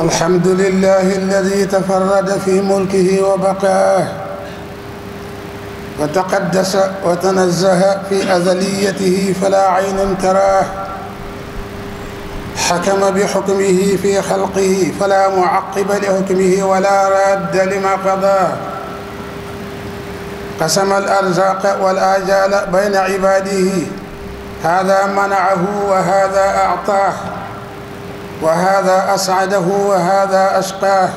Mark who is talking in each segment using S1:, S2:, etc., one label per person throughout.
S1: الحمد لله الذي تفرد في ملكه وبقاه وتقدس وتنزه في أزليته فلا عين تراه حكم بحكمه في خلقه فلا معقب لحكمه ولا راد لما قضاه قسم الأرزاق والآجال بين عباده هذا منعه وهذا أعطاه وهذا أسعده وهذا أشقاه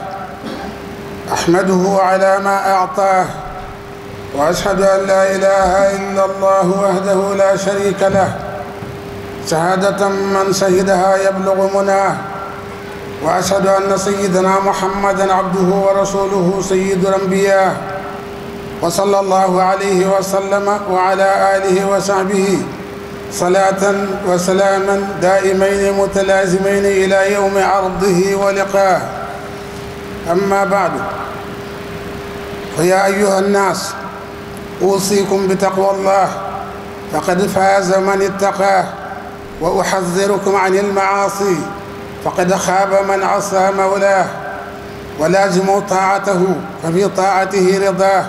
S1: أحمده على ما أعطاه وأشهد أن لا إله إلا الله وحده لا شريك له شهادة من شهدها يبلغ مناه وأشهد أن سيدنا محمدا عبده ورسوله سيد الأنبياء وصلى الله عليه وسلم وعلى آله وصحبه صلاة وسلاما دائمين متلازمين إلى يوم عرضه ولقاه أما بعد فيا أيها الناس أوصيكم بتقوى الله فقد فاز من اتقاه وأحذركم عن المعاصي فقد خاب من عصى مولاه ولازموا طاعته ففي طاعته رضاه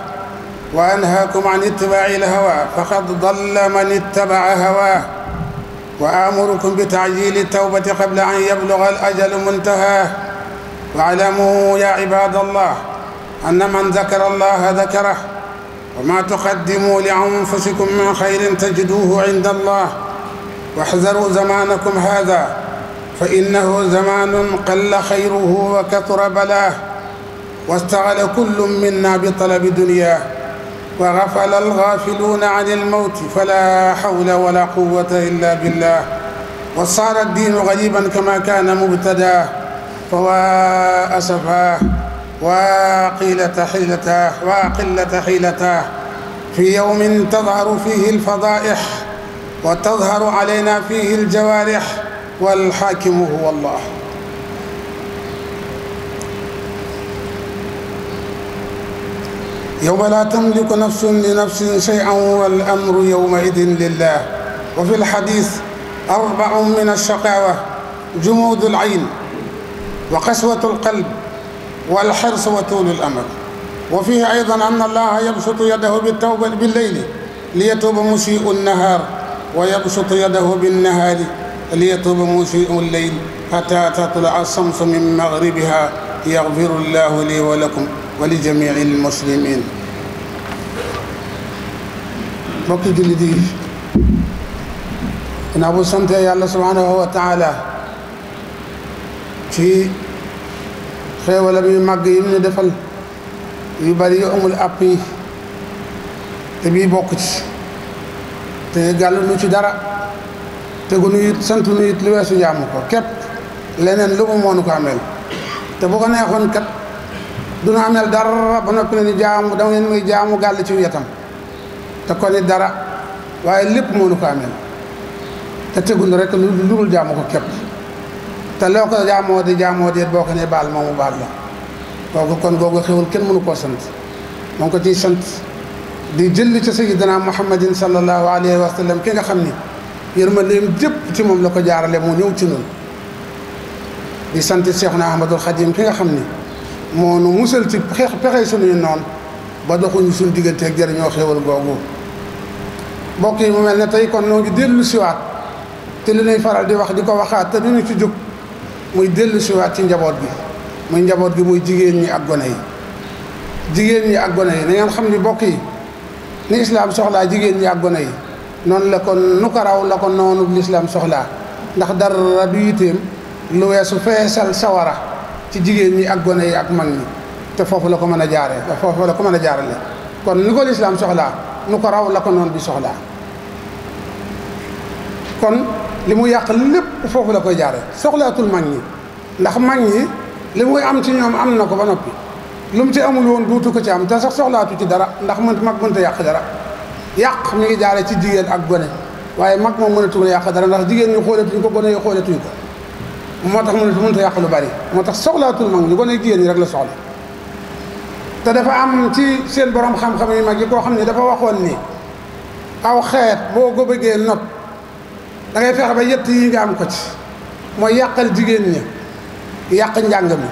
S1: wa anhaakum an ittibaa'i l-hawaa faqad dalla man ittaba'a hawaahu wa aamurukum bi ta'jiili t-tawbati qabla an yablugha l-ajalu muntahaahu wa'lamuu yaa ibaadallaah anna man dakara llaaha dakarahu wa maa tuqaddimuu li anfusikum min xayrin tajiduuhu 'inda llaah واحذروا زمانكم هذا فإنه زمان قل خيره وكثر بلاه واستعل كل منا بطلب دنياه وغفل الغافلون عن الموت فلا حول ولا قوة إلا بالله وصار الدين غريبا كما كان مبتداه فوا أسفاه وقيلة حيلتاه وقلة حيلتاه في يوم تظهر فيه الفضائح وتظهر علينا فيه الجوارح والحاكم هو الله yawma laa tamliku nafsun li nafsin shay'an wal amru yawma'idin lillah wa fi lxadis arba'un min alshaqaawa jumudu alayn wa qaswatu alqalb والحرص وطول الأمل وفيه أيضا أن الله يبسط يده بالتوبة بالليل ليتوب مسيء النهار ويبسط يده بالنهار ليتوب مسيء الليل حتى تطلع الشمس من مغربها يغفر الله لي ولكم walijamii lmuslimin mbokki jullit yi ginnaaw bu sante yàlla subhaanahu wa taala ci xéewalam yu màgg yi ñu defal yu bari yu amul àpp yi te bii bokk ci te gàllu nu ci dara te gu nu it sant nu it lu weesu jaamu ko képp leneen lu mu moonu ko ameel te bu ko neexoon kat duna amel dara ba noppi ne ni jaamu dama leen muy jaamu gàll ci wetam te ko dara waaye lépp moo nu ko amel te tegul rek lu dul jaamu ko képp te loo ko jaamoo di jaamoo di boo ko ne baal moomu baal la kooku kon googu xewul kenn mënu koo sant moo ko ciy sant di jëlli ci sayyidina muhammadin sallallahu alayhi wa sallam ki nga xam ni yërmandeem jëpp ci moom la ko jaarale moo ñëw ci noonu di sant na Ahmadul Xadim ki nga xam ni moo nu musal ci xeex pexe suñuy noon ba doxuñu suñu digganteeg jëriñoo xéewal googu mbokk yi mu mel ne tey kon noo ngi dellu siwaat te li nuy faral di wax di ko waxaat te duñu ci jóg muy dellu siwaat ci njaboot gi muy njaboot gi muy jigéen ñi ak gone yi jigéen ñi ak gone yi na xam ni mbokk yi ni islaam soxlaa jigéen ñi ak gone yi noonu la ko nu ko raw la ko noonu lislaam soxlaa ndax dara du yiteem lu weesu feesal sawara ci jigéen ñi ak gone yi ak mag ñi te foofu la ko mën a jaaree foofu la ko mën a jaarale kon ni ko lislaam soxlaa nu ko raw la ko noonu bi soxlaa kon li mu yàq lépp foofu la koy jaare soxlaatul mag ñi ndax mag ñi li muy am ci ñoom am na ko ba noppi lu mu ci amul woon duutu ko ci am te sax soxlaatu ci dara ndax mënt mag mënta yàq dara yàq mi ngi jaare ci jigéen ak gone waaye mag moom mënatul yàq dara ndax jigéen ñu xoolatuñ ko gone yi xoolatuñ ko moo tax mu ne mënut a yàq lu bari moo tax soxlaatul mag ñu gone jigéen ñi rek la soxla te dafa am ci seen borom xam-xam yu mag yi koo xam ne dafa waxoon ni aw xeet boo ko bëggee not dangay fexe ba yett yi nga am ko ci mooy yàqal jigéen ñi yàq njàng mi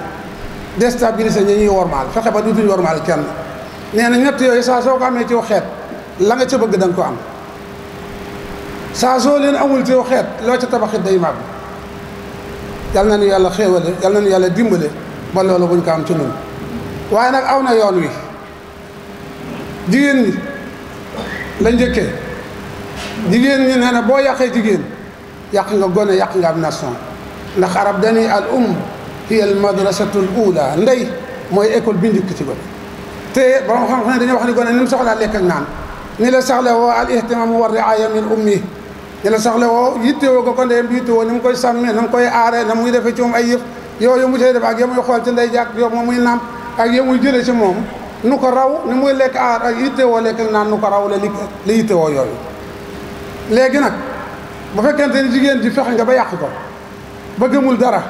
S1: déstabiliser ñi ñuy wormaal fexe ba dutuñ wormaal kenn nee na ñett yooyu saa soo ko amee ci xeet la nga ca bëgg da ko am saa soo leen amul ci xeet loo ci tabaxit day màgg yal na nu yàlla xéewale yal na nu yàlla dimbale ba loolu buñ ko am waaye nag aw na yoon wi jigéen ñi la njëkkee jigéen ñi nee na boo yàqee jigéen yàq nga gone yàq nga am ndax arab dañuy al um hiya al madrasatul ula ndey mooy école bi njëkk ci gone te borom xam-xam ne dañuy wax ni gone ni mu soxlaa lekk ak ni la saxla woo al ihtimam wa riaya min ummi dina soxla woo yitte woo ko ko ndeyam di woo ni mu koy sàmmee na mu koy aaree na muy defee ci moom ay yëf yooyu mu cay def ak yo muy xool ci ndey jàkk yo moom muy ak yo muy jëlee ci moom nu ko raw ni muy lekk aar ak yitte woo lekk naan nu ko raw la li li yitte woo yooyu léegi nag bu fekkente ni jigéen ji fexe nga ba yàq ko ba gëmul dara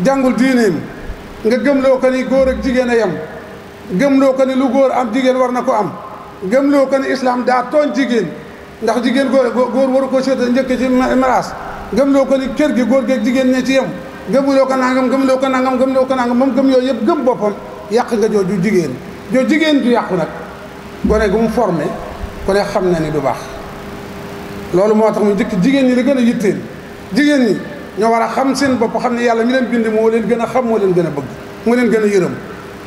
S1: jàngul diineem nga gëmloo ko ni góor ak jigéen a yem gëmloo ko ni lu góor am jigéen war na ko am gëmloo ko ni islaam daa tooñ jigéen ndax jigéen góor góor waru ko seeta njëkk ci maraas gëmloo ko ni kër gi góor geeg jigéen ne ci yem gëmuloo ko nangam gëmloo ko nangam gëmloo ko nangam moom gëm yooyu yëpp gëm boppam yàq nga jooju jigéen joo jigéen ju yàqu nag gone gu mu formé ku xam na ni du baax loolu moo tax mu njëkk jigéen ñi la gën a yitteel jigéen ñi ñoo war a xam seen bopp xam ne yàlla mi leen bind moo leen gën a xam moo leen gën a bëgg moo leen gën a yërëm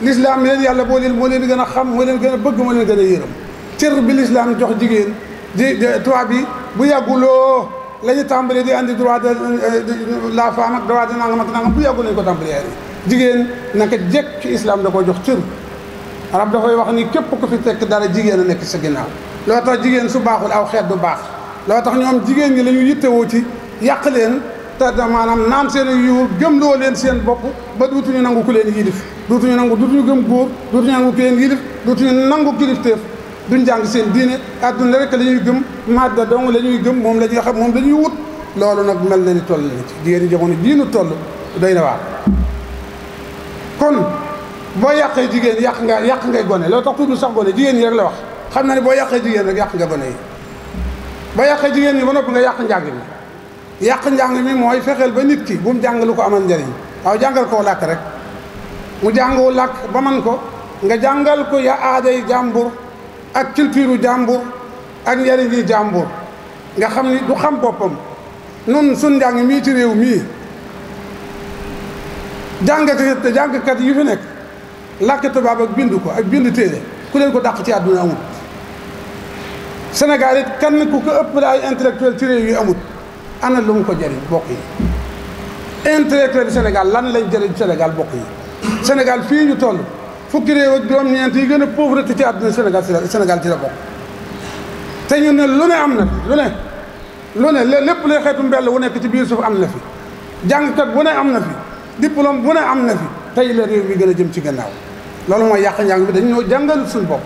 S1: lislaam mi yàlla boo leen moo leen gën a xam moo leen gën a bëgg moo leen gën a yërëm cër bi lislaam jox jigéen di tubaab bi bu yàgguloo la ñu tàmbalee di andi droit de euh, la femme ak droit de nangam ak nangam bu yàggul lañu ko jigéen naka jekk islaam islam da koo jox cër arab dafay wax ni képp ko fi tekk dara jigéen a nekk sa ginnaaw loo tax jigéen su baaxul aw xeet du baax loo tax ñoom jigéen ñi la ñu yittewoo ci yàq leen te maanaam naan seen yu gëmloo leen seen bokk ba duutuñu nangu ku leen yilif duutuñu nangu duutuñu gëm góor duutuñu nangu ku leen yilif duutuñu nangu kilifteef duñ jàng seen diine àdduna rekk la ñuy gëm madda dong la ñuy gëm moom la ñuy xam moom la ñuy wut loolu nag mel na ni toll na ci jigéen ñi jamono jii nu toll doy na waar kon boo yàqee jigéen yàq nga yàq ngay gone loolu tax tudd sax gone jigéen ñi rek la wax xam na ne boo yàqee jigéen rek yàq nga gone yi boo yàqee jigéen ñi ba noppi nga yàq njàng mi yàq njàng mi mooy fexeel ba nit ki bu mu jàng lu ko amal njariñ waaw jàngal koo làkk rek mu jàngoo làkk ba man ko nga jàngal ko ya aaday ak culture jàmbur ak njariñi jàmbur nga xam ni du xam boppam nun sun njàng mii ci réew mii jàngkat jàngkat yu fi nekk làkk tubaab ak bind ko ak bind téere ku leen ko dàq ci àdduna amut Sénégal it kenn ku ko ëpp daay intellectuel ci réew yi amut ana lu mu ko jëriñ bokk yi intellectuel Sénégal lan lañ jëriñ Sénégal bokk yi Sénégal fii ñu toll fukki réew ak juróom-ñeent yi gën a pauvreté ci àdduna Sénégal ci la Sénégal ci la bokk te ñu ne lu ne am na lu ne lu ne lépp lay xeetu mbell wu nekk ci biir suuf am na fi jàngkat bu ne am na fi diplôme bu ne am na fi tey la réew mi gën a jëm ci gannaaw loolu mooy yàq njàng bi dañu ñoo jàngal suñu bopp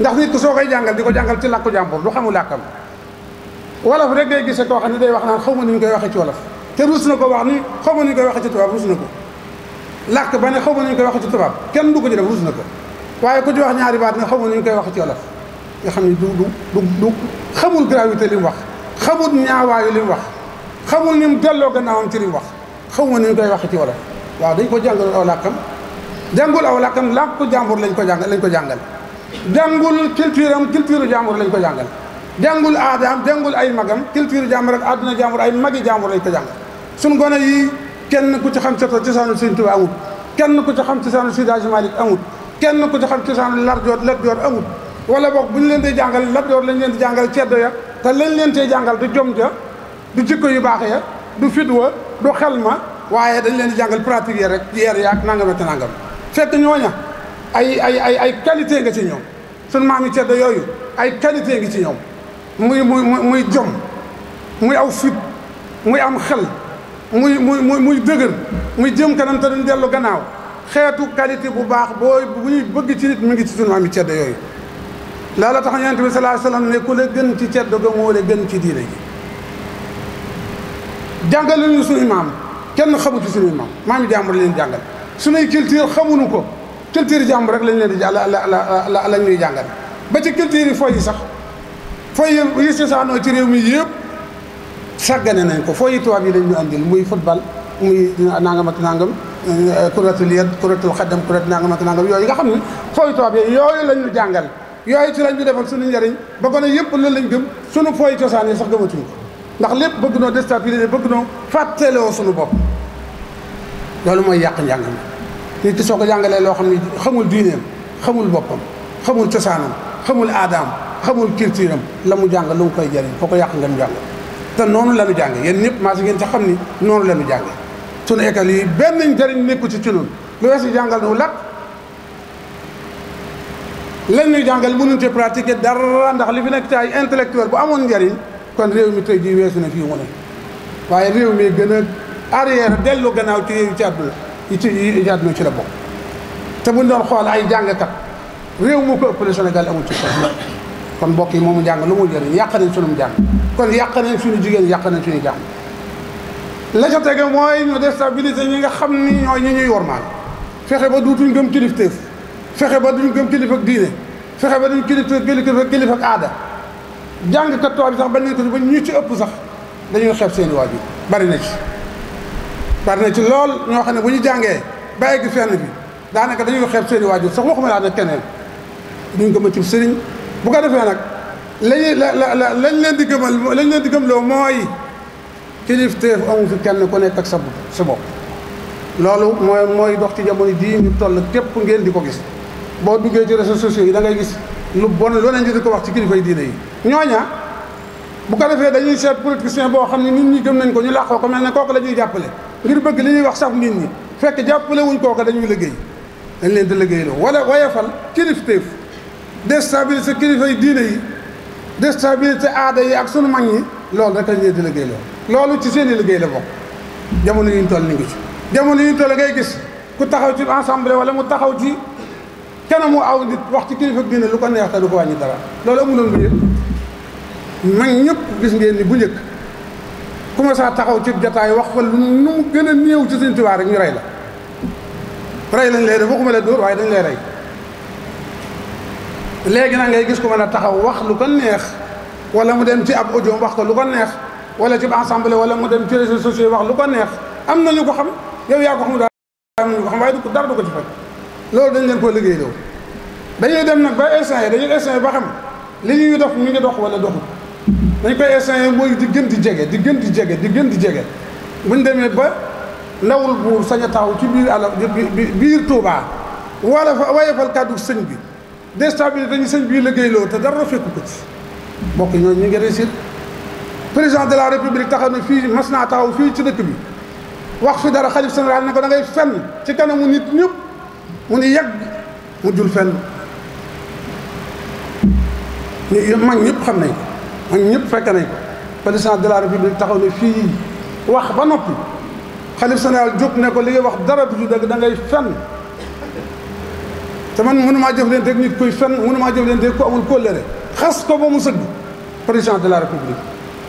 S1: ndax nit ku soo koy jàngal di ko jàngal ci làkku jàmbur du xamu làkkam wolof rek day gisee koo xam ne day wax naan xaw ma nu waxee ci wolof te ruus na ko wax ni xaw ma ñu ci tubaab ruus na ko làkk ba ne xaw ma nañu koy wax ci tubaab kenn du ko ci def ruus na ko waaye ku ci wax ñaari baat ne xaw ma nañu koy wax ci wolof nga xam ne du du du du xamul gravité li wax xamul ñaawaayu li wax xamul ni mu delloo gannaawam ci li mu wax xaw ma nañu koy wax ci wolof waaw dañ ko jàngalul aw làkkam jàngul aw làkkam làkku jàmbur lañ ko jàngal lañ ko jàngal jàngul culture am culture jàmbur lañ ko jàngal jàngul aadaam jàngul ay magam culture jàmbur ak àdduna jàmbur ay magi jàmbur lañ ko jàngal suñ gone yi kenn ku ci xam sa cosaanu Sëñ Tuubaa amut kenn ku ci xam cosaanu Seydi Hadji Malick amut kenn ku ci xam cosaanu Lat Joor Lat Joor amut wala boog bu ñu leen di jàngal Lat Joor lañ leen di jàngal ceddo ya te lañ leen tey jàngal du jom ja du jikko yu baax ya du fit wa du xel ma waaye dañ leen di jàngal pratique ya rek yeer yaak nangam ak nangam fekk ñooña ay ay ay ay qualité nga ci ñoom suñ maam yi ceddo yooyu ay qualité ngi ci ñoom muy muy muy jom muy aw fit muy am xel muy muy muy muy dëgër muy jëm kanam te duñ dellu gannaaw xeetu qualité bu baax boo bu ñuy bëgg ci nit mi ngi ci sunu ami cedd yooyu la tax yonent bi sallallahu alayhi ne ku la gën ci cedd ga moo la gën ci diine ji jàngale ñu suñu maam kenn xamu ci suñu maam maam yi jàmbur leen jàngal suñuy culture xamuñu ko culture jàmb rek lañ leen di la la la ñuy jàngal ba ci culture yi fooy yi sax fooy yi yi sasaanoo ci réew mi yëpp sàggane nañ ko foo yi tubaab yi dañ ñu andil muy football muy nangam ak nangam euh, kuratul yad kuratul xaddam kurat nangam ak nangam yooyu nga xam ne foo yi tubaab yooyu yooyu lañ ñu jàngal yooyu ci lañ ñu defal suñu njëriñ ba gone yëpp loolu lañ gëm suñu foo yi cosaan yi sax gëmatuñ ko ndax lépp bëgg noo déstabiliser bëgg noo fàtteloo suñu bopp loolu mooy yàq njàngam nit ki soo ko jàngalee loo xam ne xamul diineem xamul boppam xamul cosaanam xamul aadaam xamul culture la mu jàng lu mu koy jëriñ foo ko yàq ngam jàng te noonu la ñu jànge yéen ñëpp maa si ngeen sax xam ni noonu la ñu jànge sunu école yi benn njëriñ nekku ci ci noonu lu weesu jàngal nu làkk leen ñuy jàngal mënuñ ci pratiquer dara ndax li fi nekk ci ay intellectuel bu amoon njëriñ kon réew mi tey jii weesu na fii mu ne waaye réew mi gën a arrière dellu gannaaw ci ci àdduna yi ci yi ci la bokk te buñ doon xool ay jàngkat réew mu ko ëppale Sénégal amul ci kon mbokk yi moomu jàng lu mu njëriñ yàq nañ sunum jàng kon yàq nañ suñu jigéen yàq nañ suñu jàmm la ca tege mooy ñu déstabiliser ñi nga xam ni ñooy ñi ñuy wormaal fexe ba duutuñ gëm kilifteef fexe ba duñ gëm kilifa ak diine fexe ba duñ kilifa kilifa kilifa ak aada jàngkat tubaab bi sax bañ nañ ko ba ñu ci ëpp sax dañuy xeeb seeni waajur bari na ci bari na ci lool ñoo xam ne bu ñu jàngee ba egg fenn bi daanaka dañuy xeeb seeni waajur sax waxuma laa ne keneen duñ gëm a cib sëriñ bu ko defee nag lañuy la la la lañ leen di gëmal lañ leen di gëmloo mooy kilifteef amu fi kenn ko nekk ak sa sa bopp loolu mooy mooy dox ci jamono jii ñu toll képp ngeen di ko gis boo duggee ci réseaux sociaux yi da ngay gis lu bon loo leen di ko wax ci kilifa yi diine yi ñooña bu ko defee dañuy seet politicien boo xam ne nit ñi gëm nañ ko ñu làqoo ko mel ne kooku lañuy jàppale ngir bëgg li ñuy wax sax nit ñi fekk jàppale wuñ kooka dañuy liggéey dañ leen di liggéey loo wala wayefal kilifteef déstabiliser kilifa yi diine yi déstabilité aada yi ak sunu mag ñi loolu rek lañ di liggéey loolu loolu ci seeni i liggéey la bokk jamono yi ñu toll ni ngi ci jamono yi ñu toll ngay gis ku taxaw ci ensemble wala mu taxaw ci kenn mu aw nit wax ci kilifa diine lu ko neex te du ko wàññi dara loolu amuloon loolu njëkk mag ñëpp gis ngeen ni bu njëkk ku ma saa taxaw ci jataay wax ko lu mu gën a néew ci seen tubaab rek ñu rey la rey lañ lay def waxuma la dóor waaye dañu lay rey léegi nag ngay gis ko mën a taxaw wax lu ko neex wala mu dem ci ab audio wax ko lu ko neex wala ci assemblée wala mu dem ci réseaux sociaux wax lu ko neex am na ñu ko xam yow yaa ko xam daal am na ko xam waaye du ko dara du ko ci faj loolu dañ leen koo liggéey loolu dañuy dem nag ba yi dañuy essayé ba xam li ñuy dox mu ngi dox wala doxul dañ koy essayé mooy di gën di jege di gën di jege di gën di jege buñ demee ba ndawul buur sañ a taxaw ci biir àll biir Touba wala fa wayefal kàddu sëñ bi déstabiliser dañu sëñ bii liggéeyloo te dara fekku ko ci mbokk ñooñu ñu ngi réussir président de la république taxaw na fii mas naa taxaw fii ci dëkk bi wax fi dara xalif général ne ko da ngay fenn ci kanamu nit ñëpp mu ni yàgg mu jul fenn ñu mag ñëpp xam nañ ko mag ñëpp fekk nañ ko président de la taxaw na fii wax ba noppi xalif général jóg ne ko li ngay wax dara du dëgg da ngay fenn te man mënumaa jëflante ak nit kuy fen mënumaa jëflante ak ku amul kóllëre xas ko ba mu sëgg président de la république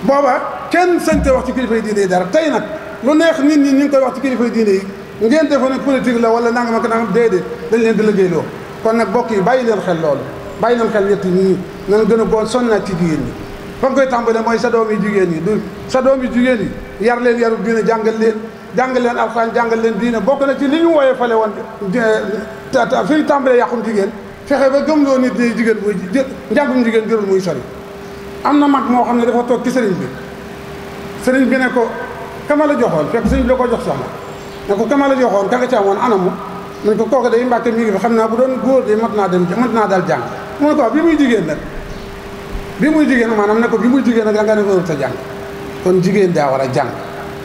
S1: booba kenn sañte wax ci kilifa yi diine yi dara tey nag lu neex nit ñi ñu ngi koy wax ci kilifa yi diine yi ngeen defoon ne politique la wala nangam ak nangam déedéet dañ leen di liggéeyloo kon nag bokk yi bàyyi leen xel loolu bàyyi leen xel ñett ñi nan gën a boo sonnaat ci jigéen ñi fa koy tàmbalee mooy sa doom yi jigéen ñi du sa doom yi jigéen ñi yar leen yarul diine jàngal leen jàngal leen alxuraan jàngal leen diine bokk na ci li ñu wooyee fale woon fi ñu tàmbalee yàqum jigéen fexe ba gëmloo nit ñi jigéen muy njàngum jigéen jërul muy sori am na mag moo xam ne dafa toog ci sëriñ bi sëriñ bi ne ko kama la joxoon fekk sëriñ bi la ko jox soxna ne ko kama la joxoon ka nga ci amoon anamu mu ne ko day mbàkke mi xam naa bu doon góor de mat naa dem mat naa daal jàng mu ne ko ah, bi jigéen nag bi muy jigéen maanaam ne ko bi muy jigéen nag da nga sa jàng kon jigéen daa war a jàng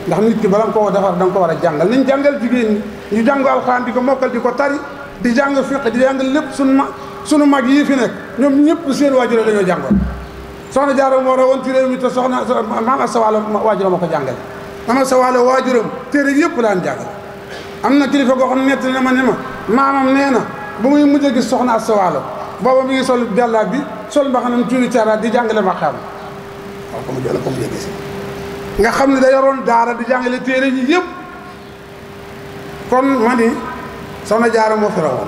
S1: ndax nit ki bala nga koo defar da ko war a jàngal nañ jàngal jigéen ñi ñu jàng alxaan di ko mokkal di ko tari di jàng fiq di jàng lépp sunu ma sunu mag yii fi nekk ñoom ñëpp seen waajur dañoo jàngoon soxna jaaro moo rawoon ci réew mi te soxna maam Asta Waalo waajur ma ko jàngale maam Asta Waalo waajuram téere yëpp laan jàngal am na kilifa goo xam ne na ma ne ma maamam nee na ba muy mujj a gis soxna Asta Waalo booba mu ngi sol jàllaat bi sol mbaxanam tuuti caaraat di jàngale ma xam waaw comme jëla comme jëgis nga xam ne da yoroon daara di jàngale téere ñi yëpp kon ma ni soxna jaara moo fi rawoon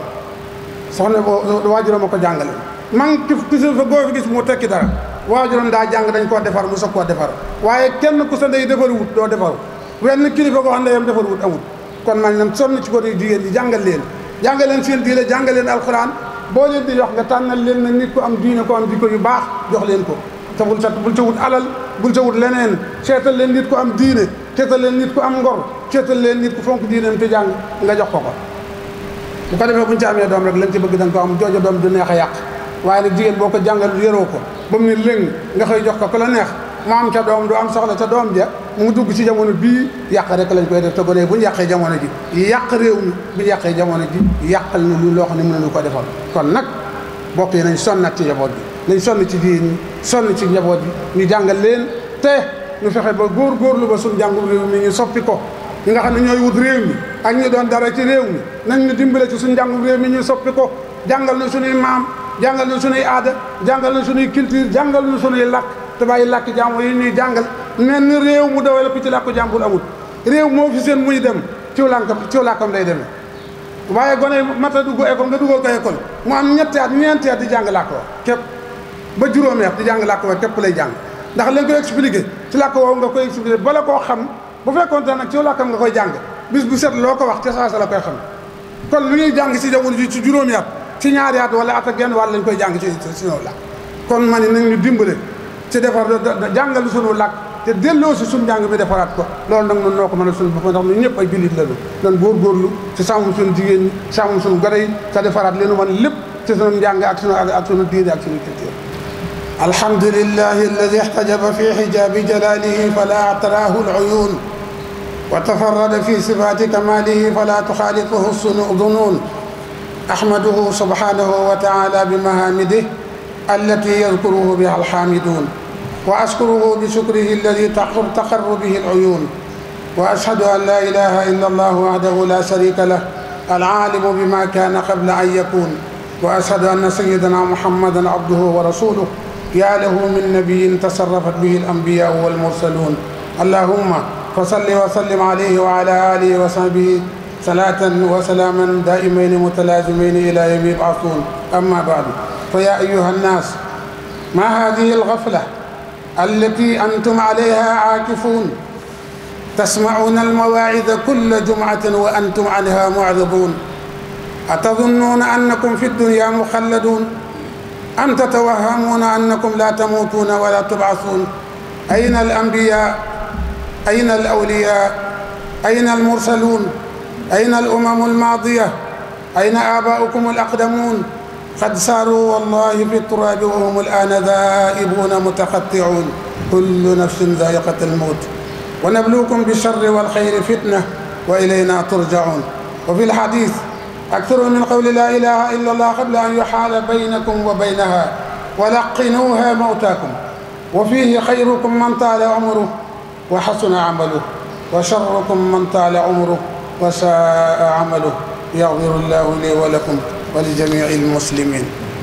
S1: soxna boo waajuram a ko jàngale man ki fa goo fi gis mu tekki dara waajuram daa jàng dañ koo defar mu soog koo defar waaye kenn ku sa ndey defar wut doo defar wenn kilifa koo xam ne yam defar wut amut kon man nan sonn ci gone jigéen ñi jàngal leen jàngal leen seen diine jàngal leen alxuraan boo leen di jox nga tànnal leen na nit ku am diine ko am jikko yu baax jox leen ko te bul sa bul ca wut alal bul ca wut leneen seetal leen nit ku am diine seetal leen nit ku am ngor seetal leen nit ku fonk diineem te jàng nga jox ko ko bu ko defee bu ñu ci amee doom rek lañ ci bëgg da nga ko am joojo doom du neex a yàq waaye nag jigéen boo ko jàngal yëroo ko ba mu ne lëng nga xëy jox ko ku la neex mu am ca doom du am soxla ca doom ja mu dugg ci jamono bii yàq rek lañ koy def te gone bu ñu yàqee jamono ji yàq réew mi bu ñu yàqee jamono ji yàqal na lu loo xam ne mën nañu ko defal kon nag bokk yi nañ sonnat ci njaboot bi nañ sonn ci jigéen ñi ci njaboot yi ñu jàngal leen te ñu fexe ba góor góorlu ba suñu jàngum réew mi ñu soppi ko ñi nga xam ne ñooy wut réew mi ak ñu doon dara ci réew mi nañ ñu dimbale ci suñu jàngum réew mi ñu soppi ko jàngal na suñuy maam jàngal na suñuy aada jàngal na suñuy culture jàngal na suñuy làkk te bàyyi làkk jàmbur yi ñuy jàngal mel réew mu dawee lépp ci làkku jàmbur amul réew moo fi seen muy dem ciw lànkam ciw làkkam lay demee waaye gone mat a dugg école nga dugal ko école mu am ñetti at di jàng làkk képp ba juróomi at di jàng làkk woowu képp lay jàng ndax leen koy expliqué ci làkk woowu nga koy expliqué bala koo xam bu fekkoon nag ci làkkam nga koy jàng bis bu set loo ko wax ca saasa la koy xam kon lu ñuy jàng si jamono ji ci juróomi at ci ñaari at wala at ak genn koy jàng ci si ñëw làkk kon man ni nañ ñu dimbale ci defar jàngal sunu làkk te delloo si suñu njàng mi defaraat ko loolu nag nun noo ko mën a suñu bopp ndax ñun ñëpp ay jullit lañu nan góorgóorlu ci sàmm suñu jigéen ñi sàmm suñu gone yi te defaraat leenu man lépp ci sunu njàng ak sunu ak الحمد لله الذي احتجب في حجاب جلاله فلا اعتراه العيون وتفرد في صفات كماله فلا تخالطه الظنون أحمده سبحانه وتعالى بمهامده التي يذكره بها الحامدون وأشكره بشكره الذي تقر به العيون وأشهد أن لا إله إلا الله وحده لا شريك له العالم بما كان قبل أن يكون وأشهد أن سيدنا محمدا عبده ورسوله يا له من نبي تصرفت به الأنبياء والمرسلون اللهم فصل وسلم عليه وعلى آله وصحبه صلاة وسلاما دائمين متلازمين إلى يوم يبعثون أما بعد فيا أيها الناس ما هذه الغفلة التي أنتم عليها عاكفون تسمعون المواعظ كل جمعة وأنتم عنها معرضون أتظنون أنكم في الدنيا مخلدون أم تتوهمون أنكم لا تموتون ولا تبعثون أين الأنبياء أين الأولياء أين المرسلون أين الأمم الماضية أين آباؤكم الأقدمون قد ساروا والله في التراب وهم الآن ذائبون متقطعون كل نفس ذائقة الموت ونبلوكم بالشر والخير فتنة وإلينا ترجعون وفي الحديث أكثروا من قول لا إله إلا الله قبل أن يحال بينكم وبينها ولقنوها موتاكم وفيه خيركم من طال عمره وحسن عمله وشركم من طال عمره وساء عمله يغفر الله لي ولكم ولجميع المسلمين